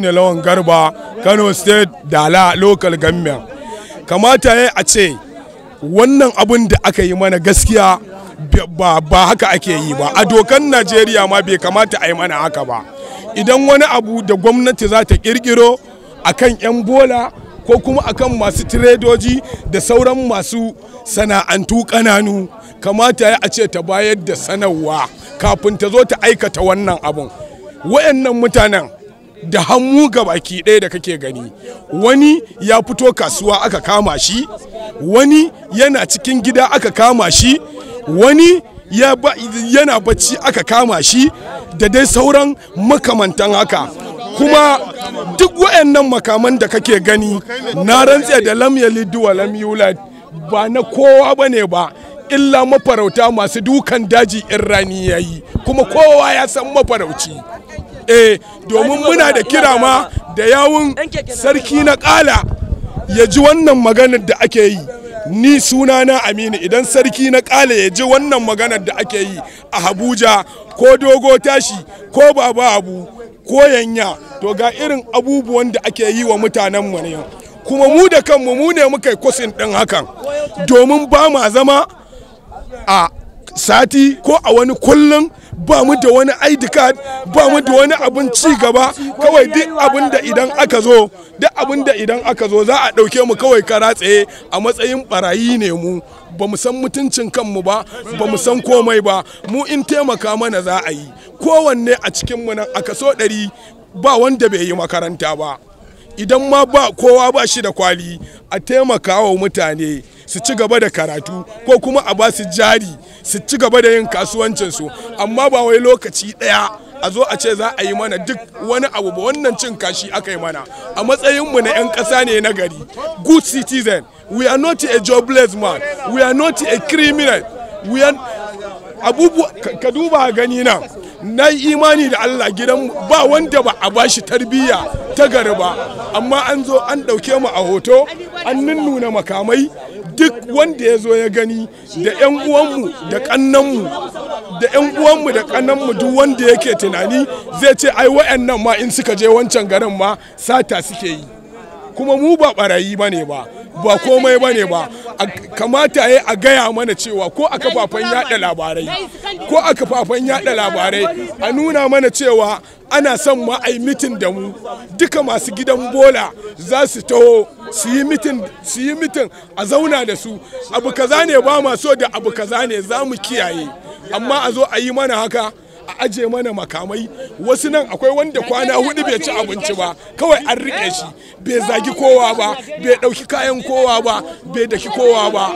ne lawan garba kano state dala local government kamata ya a ce wannan abun da aka yi mana gaskiya ba haka ake yi ba a dokan najeriya ma bai kamata a yi mana haka ba idan wani abu da gwamnati za ta kirkiro a kan 'yan bola ko kuma akan masu tiredoji da sauran masu sana'antu kananu kamata ya a ce ta bayar da sanarwa kafin ta zo ta aikata wannan abun wayannan mutanen da hannu ga baki ɗaya da kake gani wani ya fito kasuwa aka kama shi wani yana cikin gida aka kama shi wani yana bacci aka kama shi da dai sauran makamantan haka kuma duk waɗannan makaman da kake gani na rantse da lam yalid ba na kowa ne ba illa mafarauta masu dukan daji in rani yi kuma kowa ya san mafarauci eh domin muna da kira ma da yawun sarki na kala ya ji wannan maganar da ake yi ni sunana aminu idan sarki na kala ya ji wannan maganar da ake yi a habuja ko dogo tashi ko baba abu ko yanya to ga irin abubuwan da ake yi wa mutanen mu kuma mu da kanmu mu ne muka yi din ɗin hakan domin ba ma zama a sati ko a wani kullum ba mu da wani id card ba mu da wani abun ci gaba kawai duk abun da idan aka zo duk abun da idan aka zo za a ɗauke mu kawai kara tsaye a matsayin barayi ne mu ba mu san mutuncin kanmu ba ba mu san komai ba mu in taimaka mana za a yi kowanne a cikin mu nan a kaso ɗari ba wanda bai yi makaranta ba idan ma ba kowa ba shi da kwali a taimaka wa mutane su ci gaba da karatu ko kuma a ba su jari su ci gaba da yin kasuwancinsu amma ba wai lokaci ɗaya a zo a ce za a yi mana duk wani abu ba wannan cin kashi aka yi mana a matsayinmu na 'yan ƙasa ne na gari good citizen we are not a jobless man we are not a criminal we are abubuwa ka duba gani na na yi imani da Allah gidan ba wanda ba a bashi tarbiyya ta gari ba amma an zo an ɗauke mu a hoto an nunnuna makamai duk wanda ya zo ya gani da 'yan uwanmu da kannanmu da 'yan uwanmu da kannanmu duk wanda yake tunani zai ce ai wa'annan ma in suka je wancan garin ma sata suke yi kuma mu ba barayi ba ba ba komai ba ne ba kamata ya a gaya mana cewa ko a kafafen yada labarai ko a kafafen yada labarai a nuna mana cewa ana son ma a yi mitin da mu duka masu gidan bola za su taho su yi mitin a zauna da su abu kaza ne ba ma so da abu kaza ne za mu kiyaye amma a zo a yi mana haka a aje mana makamai wasu nan akwai wanda kwana hudu bai ci abinci ba kawai an rike shi bai zagi kowa ba bai ɗauki kayan kowa ba bai daki kowa ba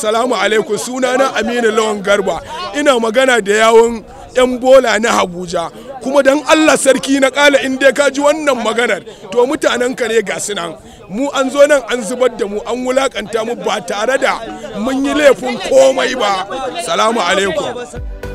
salamu suna na aminu lawan garba ina magana da yawon 'yan bola na habuja. kuma dan Allah sarki na kala in dai ka ji wannan maganar to mutanen ka ne ga nan mu an zo nan an zubar da mu an wulakanta mu ba tare da mun yi laifin komai ba salamu alaikum